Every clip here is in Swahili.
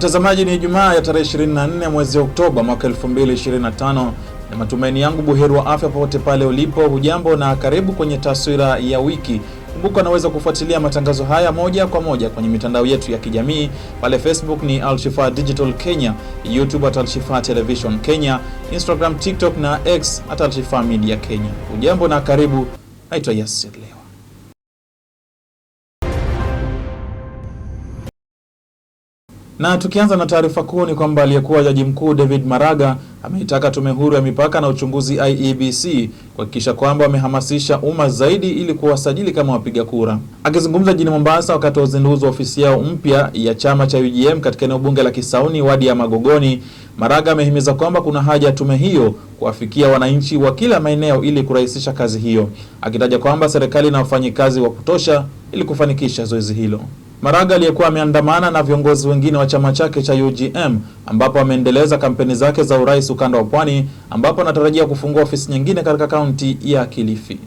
Mtazamaji, ni Ijumaa ya tarehe 24 mwezi Oktoba mwaka 2025. Na matumaini yangu buheri wa afya popote pale ulipo. Hujambo na karibu kwenye taswira ya wiki. Kumbuka unaweza kufuatilia matangazo haya moja kwa moja kwenye mitandao yetu ya kijamii pale Facebook ni Alshifa Digital Kenya, YouTube at Alshifa Television Kenya, Instagram, TikTok na X at Alshifa Media Kenya. Hujambo na karibu, naitwa Yasir Leo. Na tukianza na taarifa kuu ni kwamba aliyekuwa jaji mkuu David Maraga ameitaka Tume Huru ya Mipaka na Uchunguzi IEBC kuhakikisha kwamba wamehamasisha umma zaidi ili kuwasajili kama wapiga kura. Akizungumza jijini Mombasa wakati wa uzinduzi wa ofisi yao mpya ya chama cha UGM katika eneo bunge la Kisauni, wadi ya Magogoni, Maraga amehimiza kwamba kuna haja ya tume hiyo kuwafikia wananchi wa kila maeneo ili kurahisisha kazi hiyo, akitaja kwamba serikali ina wafanyikazi wa kutosha ili kufanikisha zoezi hilo. Maraga aliyekuwa ameandamana na viongozi wengine wa chama chake cha UGM ambapo ameendeleza kampeni zake za urais ukanda wa Pwani ambapo anatarajia kufungua ofisi nyingine katika kaunti ya Kilifi.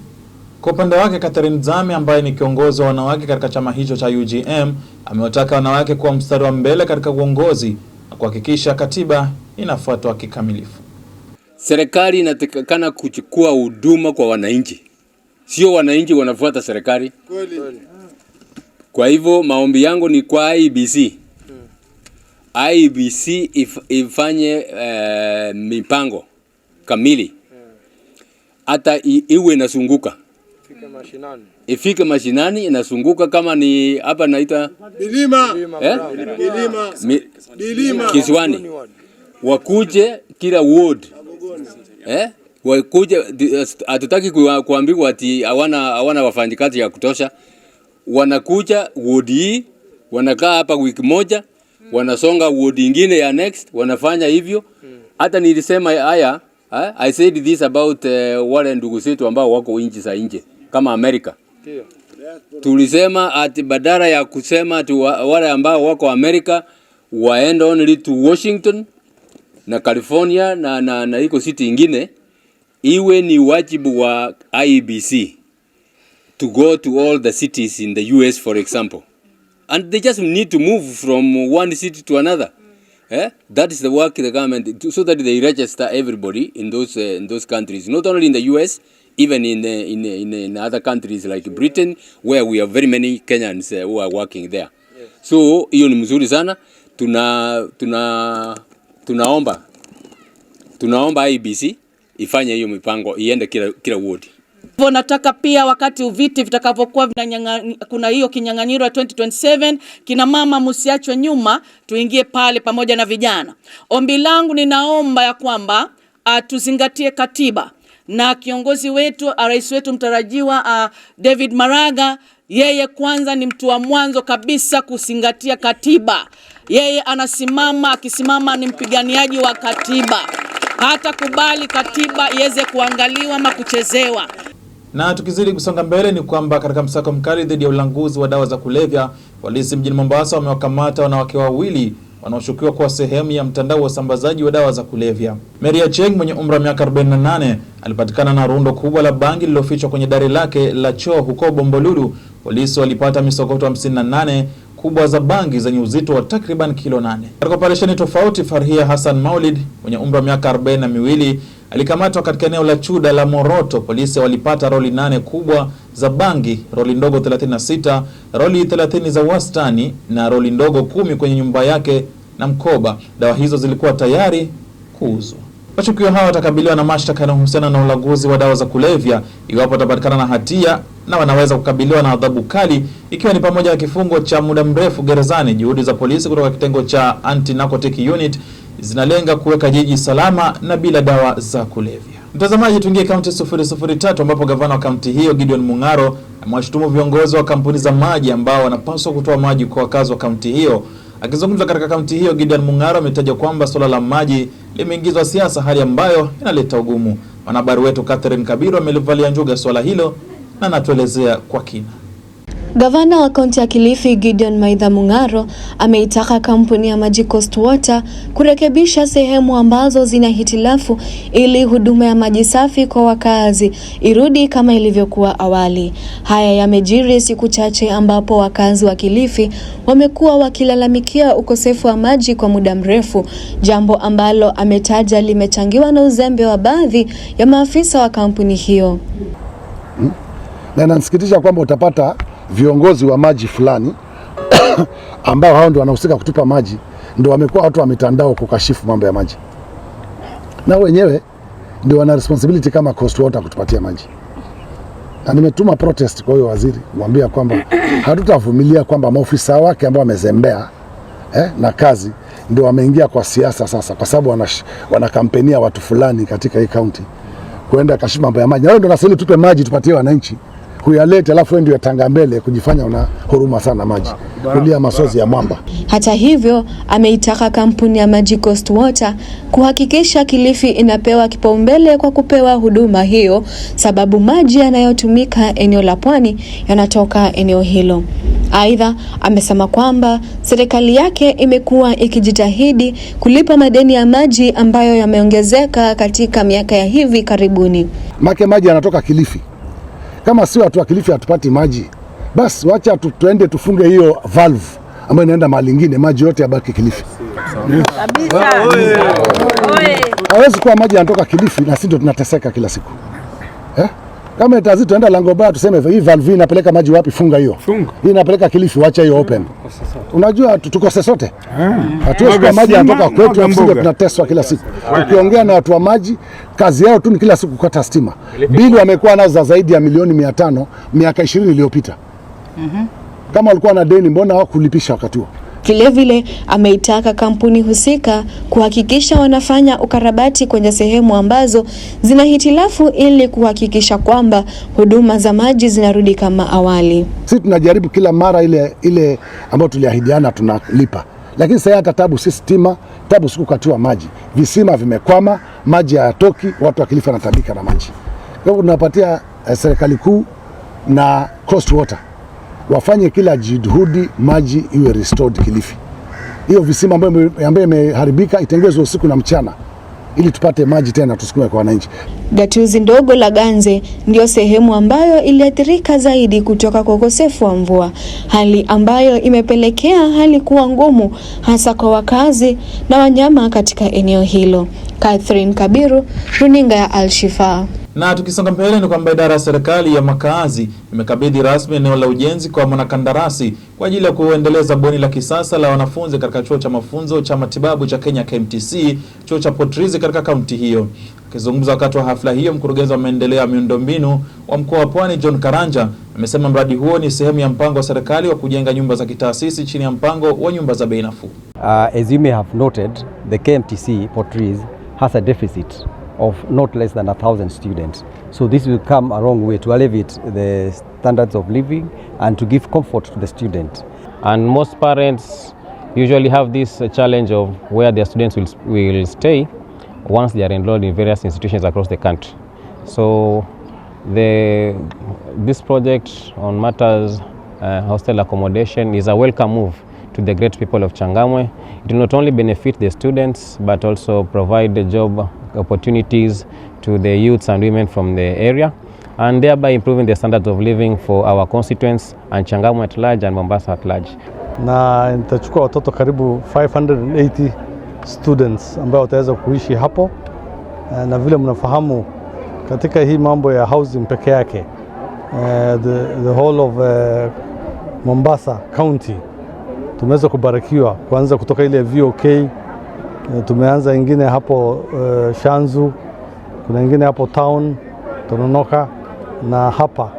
Kwa upande wake, Catherine Zame ambaye ni kiongozi wa wanawake katika chama hicho cha UGM amewataka wanawake kuwa mstari wa mbele katika uongozi na kuhakikisha katiba inafuatwa kikamilifu. Serikali inatakikana kuchukua huduma kwa wananchi, sio wananchi wanafuata serikali. Kweli. Kwa hivyo maombi yangu ni kwa IBC hmm. IBC if, ifanye uh, mipango kamili hata hmm. iwe inasunguka ifike mashinani, ifike mashinani inasunguka kama ni hapa naita milima eh? milima Kiswani wakuje kila ward eh? wakuje hatutaki kuambiwa ati hawana hawana wafanyikazi ya kutosha wanakuja wodi hii, wanakaa hapa wiki moja, wanasonga wodi ingine ya next, wanafanya hivyo. Hata nilisema haya, eh, I said this about uh, wale ndugu zetu ambao wako nchi za nje kama Amerika. Tulisema ati badala ya kusema ati wale ambao wako Amerika waende only to Washington na California na, na, na iko city ingine, iwe ni wajibu wa IBC to go to all the cities in the US, for example. And they just need to move from one city to another. Eh? That is the work the government so that they register everybody in those uh, in those countries, not only in the U.S. Even in, uh, in, eh, in, in other countries like Britain where we have very many Kenyans uh, who are working there. Yes. So hiyo ni mzuri sana. Tuna, tuna, tunaomba tunaomba IBC ifanye hiyo mipango iende kila, kila Hivyo nataka pia wakati uviti vitakavyokuwa kuna hiyo kinyang'anyiro ya 2027 kina mama msiachwe nyuma, tuingie pale pamoja na vijana. Ombi langu ninaomba ya kwamba uh, tuzingatie katiba na kiongozi wetu ah, rais wetu mtarajiwa uh, David Maraga, yeye kwanza ni mtu wa mwanzo kabisa kuzingatia katiba. Yeye anasimama akisimama, ni mpiganiaji wa katiba, hata kubali katiba iweze kuangaliwa ama kuchezewa. Na tukizidi kusonga mbele ni kwamba katika msako mkali dhidi ya ulanguzi wa dawa za kulevya, polisi mjini Mombasa wamewakamata wanawake wawili wanaoshukiwa kuwa sehemu ya mtandao wa usambazaji wa dawa za kulevya. Maria Cheng mwenye umri wa miaka 48 alipatikana na rundo kubwa la bangi lililofichwa kwenye dari lake la choo huko Bombolulu. Polisi walipata misokoto 58 kubwa za bangi zenye uzito wa takriban kilo 8. Katika operesheni tofauti, Farhia Hassan Maulid mwenye umri wa miaka 42 na Alikamatwa katika eneo la Chuda la Moroto. Polisi walipata roli nane kubwa za bangi, roli ndogo 36, roli 30 za wastani na roli ndogo kumi kwenye nyumba yake na mkoba. Dawa hizo zilikuwa tayari kuuzwa. Washukiwa hawa watakabiliwa na mashtaka yanayohusiana na ulaguzi wa dawa za kulevya iwapo watapatikana na hatia, na wanaweza kukabiliwa na adhabu kali ikiwa ni pamoja na kifungo cha muda mrefu gerezani. Juhudi za polisi kutoka kitengo cha Anti Narcotic Unit zinalenga kuweka jiji salama na bila dawa za kulevya. Mtazamaji, tuingie kaunti tatu ambapo gavana wa kaunti hiyo Gideon Mung'aro amewashutumu viongozi wa kampuni za maji ambao wanapaswa kutoa maji kwa wakazi wa kaunti hiyo. Akizungumza katika kaunti hiyo, Gideon Mung'aro ametaja kwamba suala la maji limeingizwa siasa, hali ambayo inaleta ugumu. Mwanahabari wetu Catherine Kabiru amelivalia njuga suala hilo na anatuelezea kwa kina. Gavana wa kaunti ya Kilifi Gideon Maitha Mung'aro ameitaka kampuni ya maji Coast Water kurekebisha sehemu ambazo zina hitilafu ili huduma ya maji safi kwa wakazi irudi kama ilivyokuwa awali. Haya yamejiri siku chache ambapo wakazi wa Kilifi wamekuwa wakilalamikia ukosefu wa maji kwa muda mrefu, jambo ambalo ametaja limechangiwa na uzembe wa baadhi ya maafisa wa kampuni hiyo. Hmm? Na inasikitisha kwamba utapata viongozi wa maji fulani ambao hao ndio wanahusika kutupa maji, ndio wamekuwa watu wa mitandao kukashifu mambo ya maji, na wenyewe ndio wana responsibility kama Coast Water kutupatia maji. Na nimetuma protest kwa huyo waziri kumwambia kwamba hatutavumilia kwamba maofisa wake ambao wamezembea eh, na kazi ndio wameingia kwa siasa sasa, kwa sababu wanakampenia wana watu fulani katika hii kaunti kuenda kashifu mambo ya maji, na wao ndio nasema tupe maji tupatie wananchi kuyaleta, alafu ndio yatanga mbele kujifanya una huruma sana maji kulia masozi ya mwamba. Hata hivyo, ameitaka kampuni ya maji Coast Water kuhakikisha Kilifi inapewa kipaumbele kwa kupewa huduma hiyo, sababu maji yanayotumika eneo la pwani yanatoka eneo hilo. Aidha, amesema kwamba serikali yake imekuwa ikijitahidi kulipa madeni ya maji ambayo yameongezeka katika miaka ya hivi karibuni. Make maji yanatoka Kilifi kama sio watu wa Kilifi hatupati maji, basi wacha tu, tuende tufunge hiyo valve ambayo inaenda mahali ingine, maji yote yabaki Kilifi. Hawezi kuwa maji yanatoka Kilifi na sisi tunateseka kila siku eh? kama itazi tuenda lango baya tuseme hii valve inapeleka maji wapi? Funga hiyo, hii inapeleka Kilifi, wacha hiyo open. Mm. Unajua tukose sote, ah. hatuwezi kwa maji yanatoka kwetu, msinge tunateswa kila siku. Ukiongea na watu wa maji, kazi yao tu ni kila siku kukata stima. Bili wamekuwa nazo za zaidi ya milioni mia tano miaka ishirini iliyopita. Mhm. Kama walikuwa na deni, mbona hawakulipisha wakati huo? Vilevile ameitaka kampuni husika kuhakikisha wanafanya ukarabati kwenye sehemu ambazo zina hitilafu ili kuhakikisha kwamba huduma za maji zinarudi kama awali. Sisi tunajaribu kila mara ile, ile ambayo tuliahidiana tunalipa, lakini sasa hata tabu si stima, tabu si kukatiwa maji, visima vimekwama, maji hayatoki, watu wa Kilifi wanatabika na maji. Kwa hivyo tunapatia eh, serikali kuu na Coast Water wafanye kila juhudi maji iwe restored Kilifi. Hiyo visima ambayo imeharibika itengezwe usiku na mchana ili tupate maji tena tusukume kwa wananchi. Gatuzi ndogo la Ganze ndio sehemu ambayo iliathirika zaidi kutoka kwa ukosefu wa mvua, hali ambayo imepelekea hali kuwa ngumu hasa kwa wakazi na wanyama katika eneo hilo. Catherine Kabiru, Runinga ya Al Shifaa. Na tukisonga mbele ni kwamba idara ya serikali ya makazi imekabidhi rasmi eneo la ujenzi kwa mwanakandarasi kwa ajili ya kuendeleza bweni la kisasa la wanafunzi katika chuo cha mafunzo cha matibabu cha Kenya KMTC, chuo cha Potrizi katika kaunti hiyo. Akizungumza wakati wa hafla hiyo, mkurugenzi wa maendeleo ya miundombinu wa mkoa wa Pwani John Karanja amesema mradi huo ni sehemu ya mpango wa serikali wa kujenga nyumba za kitaasisi chini ya mpango wa nyumba za bei nafuu. Uh, as you may have noted, the KMTC Potrizi has a deficit of not less than a thousand students. So this will come a long way to elevate the standards of living and to give comfort to the student. And most parents usually have this challenge of where their students will, will stay once they are enrolled in various institutions across the country. So the, this project on matters uh, hostel accommodation is a welcome move to the great people of Changamwe. It will not only benefit the students but also provide the job opportunities to the youths and women from the area and thereby improving the standards of living for our constituents and Changamwe at large and Mombasa at large. Na nitachukua watoto karibu 580 students ambao wataweza kuishi hapo, eh, na vile mnafahamu katika hii mambo ya housing peke yake uh, the, the whole of uh, Mombasa County tumeweza kubarikiwa kuanza kutoka ile VOK Eh, tumeanza ingine hapo uh, Shanzu, kuna ingine hapo town Tononoka na hapa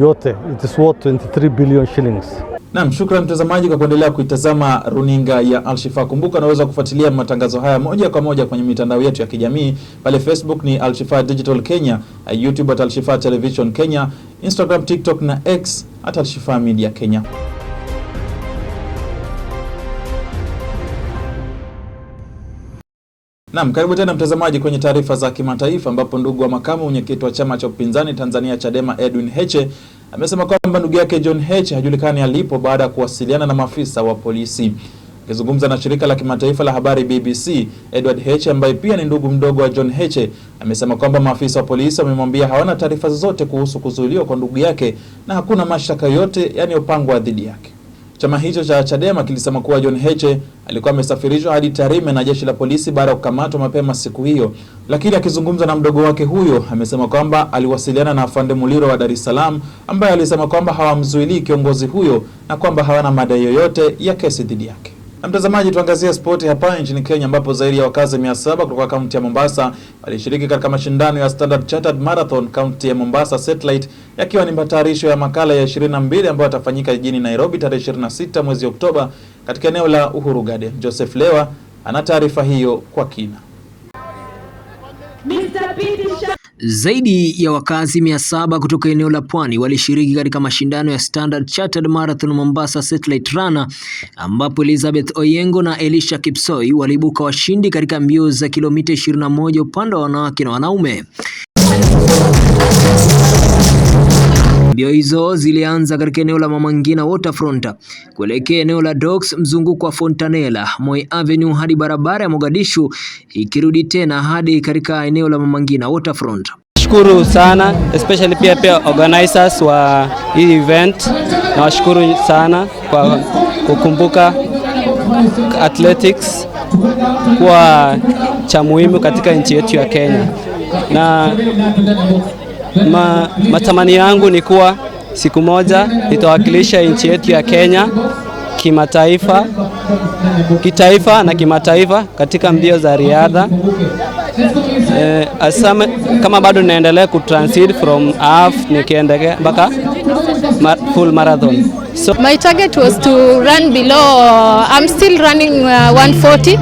yote, it is worth 23 billion shillings. Naam, shukrani mtazamaji kwa kuendelea kuitazama runinga ya Alshifa. Kumbuka unaweza kufuatilia matangazo haya moja kwa moja kwenye mitandao yetu ya kijamii pale Facebook ni Alshifa Digital Kenya, YouTube at Alshifa Television Kenya, Instagram, TikTok na X at Alshifa Media Kenya. Naam, karibu tena mtazamaji kwenye taarifa za kimataifa ambapo ndugu wa makamu mwenyekiti wa chama cha upinzani Tanzania Chadema Edwin Heche amesema kwamba ndugu yake John Heche hajulikani alipo baada ya kuwasiliana na maafisa wa polisi. Akizungumza na shirika la kimataifa la habari BBC, Edward Heche ambaye pia ni ndugu mdogo wa John Heche amesema kwamba maafisa wa polisi wamemwambia hawana taarifa zozote kuhusu kuzuiliwa kwa ndugu yake na hakuna mashtaka yote yanayopangwa dhidi yake. Chama hicho cha Chadema kilisema kuwa John Heche alikuwa amesafirishwa hadi Tarime na jeshi la polisi baada ya kukamatwa mapema siku hiyo, lakini akizungumza na mdogo wake huyo amesema kwamba aliwasiliana na afande Muliro wa Dar es Salaam ambaye alisema kwamba hawamzuilii kiongozi huyo na kwamba hawana madai yoyote ya kesi dhidi yake. Na mtazamaji, tuangazie spoti hapa nchini Kenya ambapo zaidi ya wakazi 700 kutoka kaunti ya Mombasa walishiriki katika mashindano ya Standard Chartered Marathon kaunti ya Mombasa Satellite, yakiwa ni matayarisho ya makala ya 22 ambayo yatafanyika jijini Nairobi tarehe 26 mwezi Oktoba katika eneo la Uhuru Garden. Joseph Lewa ana taarifa hiyo kwa kina. Mr. Zaidi ya wakazi mia saba kutoka eneo la Pwani walishiriki katika mashindano ya Standard Chartered Marathon Mombasa Satellite Runner ambapo Elizabeth Oyengo na Elisha Kipsoi waliibuka washindi katika mbio za kilomita 21 upande wa wanawake na wanaume. Mbio hizo zilianza katika eneo la Mama Ngina Waterfront kuelekea eneo la Docks, mzunguko wa Fontanella, Moi Avenue hadi barabara ya Mogadishu, ikirudi tena hadi katika eneo la Mama Ngina Waterfront. Shukuru sana especially pia pia organizers wa hii event, na washukuru sana kwa kukumbuka athletics kuwa cha muhimu katika nchi yetu ya Kenya na ma, matamanio yangu ni kuwa siku moja nitawakilisha nchi yetu ya Kenya kimataifa, kitaifa na kimataifa katika mbio za riadha. Eh, asame, kama bado naendelea ku transit from half nikiendelea mpaka ma, full marathon. So my target was to run below I'm still running uh, 140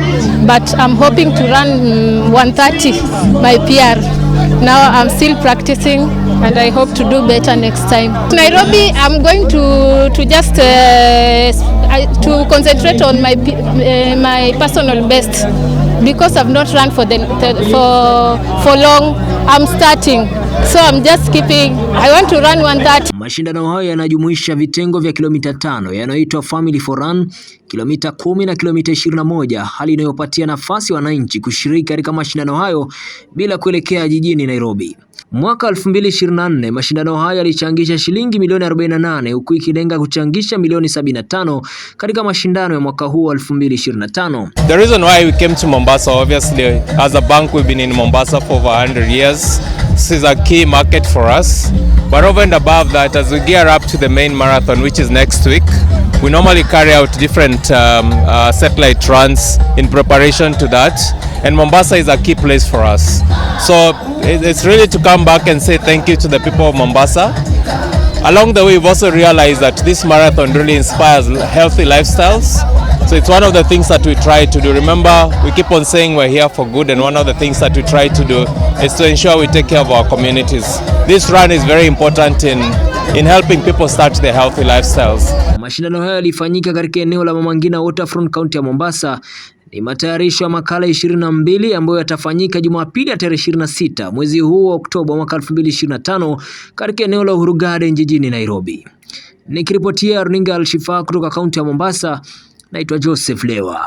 but I'm hoping to run 130 mm, my PR. Now I'm still practicing and I hope to do better next time. Nairobi, I'm going to, to just uh, to concentrate on my, uh, my personal best because I've not run for, the, for, for long. I'm starting. So I'm just keeping, I want to run 130 Mashindano hayo yanajumuisha vitengo vya kilomita tano yanayoitwa Family for Run, kilomita kumi na kilomita ishirini na moja, hali inayopatia nafasi wananchi kushiriki katika mashindano hayo bila kuelekea jijini Nairobi. Mwaka 2024 mashindano hayo yalichangisha shilingi milioni 48 huku ikilenga kuchangisha milioni 75 katika mashindano ya mwaka huu 2025. The reason why we came to Mombasa obviously as a bank we've been in Mombasa for over 100 years. This is a key market for us. But over and above that as we gear up to the main marathon which is next week we normally carry out different um, uh, satellite runs in preparation to that and Mombasa is a key place for us. So it's really to come back and say thank you to the people of Mombasa. Along the way, we've also realized that this marathon really inspires healthy lifestyles. So it's one of the things that we try to do. Remember, we keep on saying we're here for good, and one of the things that we try to do is to ensure we take care of our communities. This run is very important in in helping people start their healthy lifestyles. Mashindano hayo yalifanyika katika eneo la mamangina Waterfront County ya Mombasa ni matayarisho ya makala 22 ambayo yatafanyika Jumapili ya tarehe 26 mwezi huu wa Oktoba mwaka 2025 katika eneo la Uhuru Garden jijini Nairobi. Nikiripotia runinga Alshifa kutoka kaunti ya Mombasa, naitwa Joseph Lewa.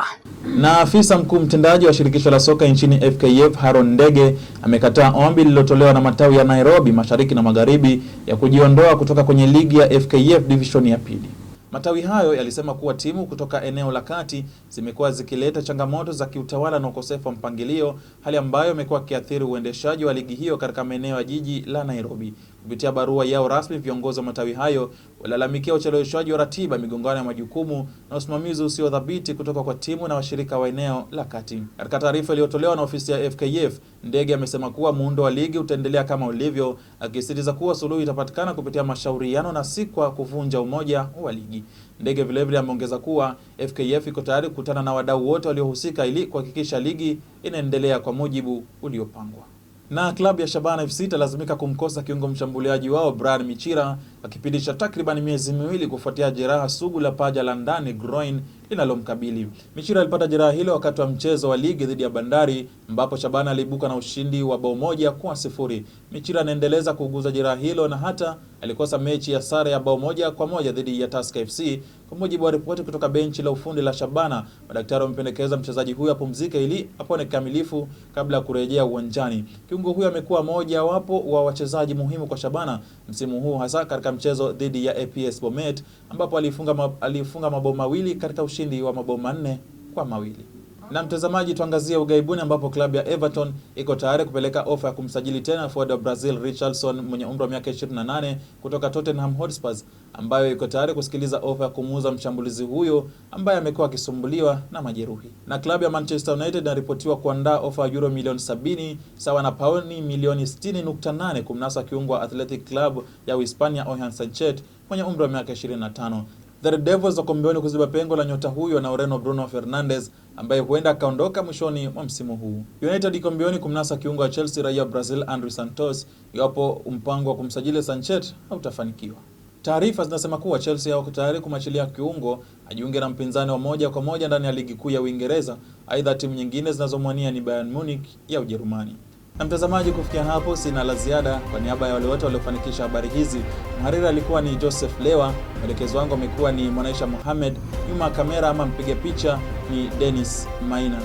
Na afisa mkuu mtendaji wa shirikisho la soka nchini FKF Haron Ndege amekataa ombi lililotolewa na matawi ya Nairobi mashariki na magharibi ya kujiondoa kutoka kwenye ligi ya FKF division ya pili. Matawi hayo yalisema kuwa timu kutoka eneo la kati zimekuwa zikileta changamoto za kiutawala na ukosefu wa mpangilio, hali ambayo imekuwa ikiathiri uendeshaji wa ligi hiyo katika maeneo ya jiji la Nairobi. Kupitia barua yao rasmi, viongozi wa matawi hayo walalamikia ucheleweshwaji wa ratiba, migongano ya majukumu na usimamizi usio dhabiti kutoka kwa timu na washirika wa eneo la kati. Katika taarifa iliyotolewa na ofisi ya FKF, Ndege amesema kuwa muundo wa ligi utaendelea kama ulivyo, akisisitiza kuwa suluhu itapatikana kupitia mashauriano na si kwa kuvunja umoja wa ligi. Ndege vilevile ameongeza kuwa FKF iko tayari kukutana na wadau wote waliohusika ili kuhakikisha ligi inaendelea kwa mujibu uliopangwa na klabu ya Shabana FC italazimika kumkosa kiungo mshambuliaji wao Brian Michira kwa kipindi cha takriban miezi miwili kufuatia jeraha sugu la paja la ndani groin linalomkabili. Michiro alipata jeraha hilo wakati wa mchezo wa ligi dhidi ya Bandari ambapo Shabana aliibuka na ushindi wa bao moja kwa sifuri. Michira anaendeleza kuuguza jeraha hilo na hata alikosa mechi ya sare ya bao moja kwa moja dhidi ya Tusker FC. Kwa mujibu wa ripoti kutoka benchi la ufundi la Shabana, madaktari wamependekeza mchezaji huyo apumzike ili apone kikamilifu kabla ya kurejea uwanjani. Kiungo huyo amekuwa moja wapo wa wachezaji muhimu kwa Shabana msimu huu hasa katika mchezo dhidi ya APS Bomet ambapo alifunga, ma, alifunga mabao mawili katika ushindi wa mabao manne kwa mawili. Na mtazamaji, tuangazie ugaibuni ambapo klabu ya Everton iko tayari kupeleka ofa ya kumsajili tena forward wa Brazil Richarlison mwenye umri wa miaka 28 kutoka Tottenham Hotspur, ambayo iko tayari kusikiliza ofa ya kumuuza mshambulizi huyo ambaye amekuwa akisumbuliwa na majeruhi. Na klabu ya Manchester United inaripotiwa kuandaa ofa ya euro milioni 70 sawa na pauni milioni 60.8 kumnasa kiungo wa Athletic Club ya Uhispania ohan Sanchez mwenye umri wa miaka 25. The Red Devils wako mbioni kuziba pengo la nyota huyo na Ureno Bruno Fernandes ambaye huenda akaondoka mwishoni mwa msimu huu. United iko mbioni kumnasa kiungo wa Chelsea raia Brazil Andre Santos iwapo mpango wa kumsajili Sanchez hautafanikiwa. Taarifa zinasema kuwa Chelsea hawako tayari kumachilia kiungo ajiunge na mpinzani wa moja kwa moja ndani ya ligi kuu ya Uingereza. Aidha, timu nyingine zinazomwania ni Bayern Munich ya Ujerumani. Na mtazamaji, kufikia hapo sina la ziada. Kwa niaba ya wale wote waliofanikisha habari hizi, mhariri alikuwa ni Joseph Lewa, mwelekezo wangu amekuwa ni Mwanaisha Muhammad, nyuma ya kamera ama mpiga picha ni Dennis Maina.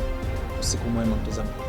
Usiku mwema mtazamaji.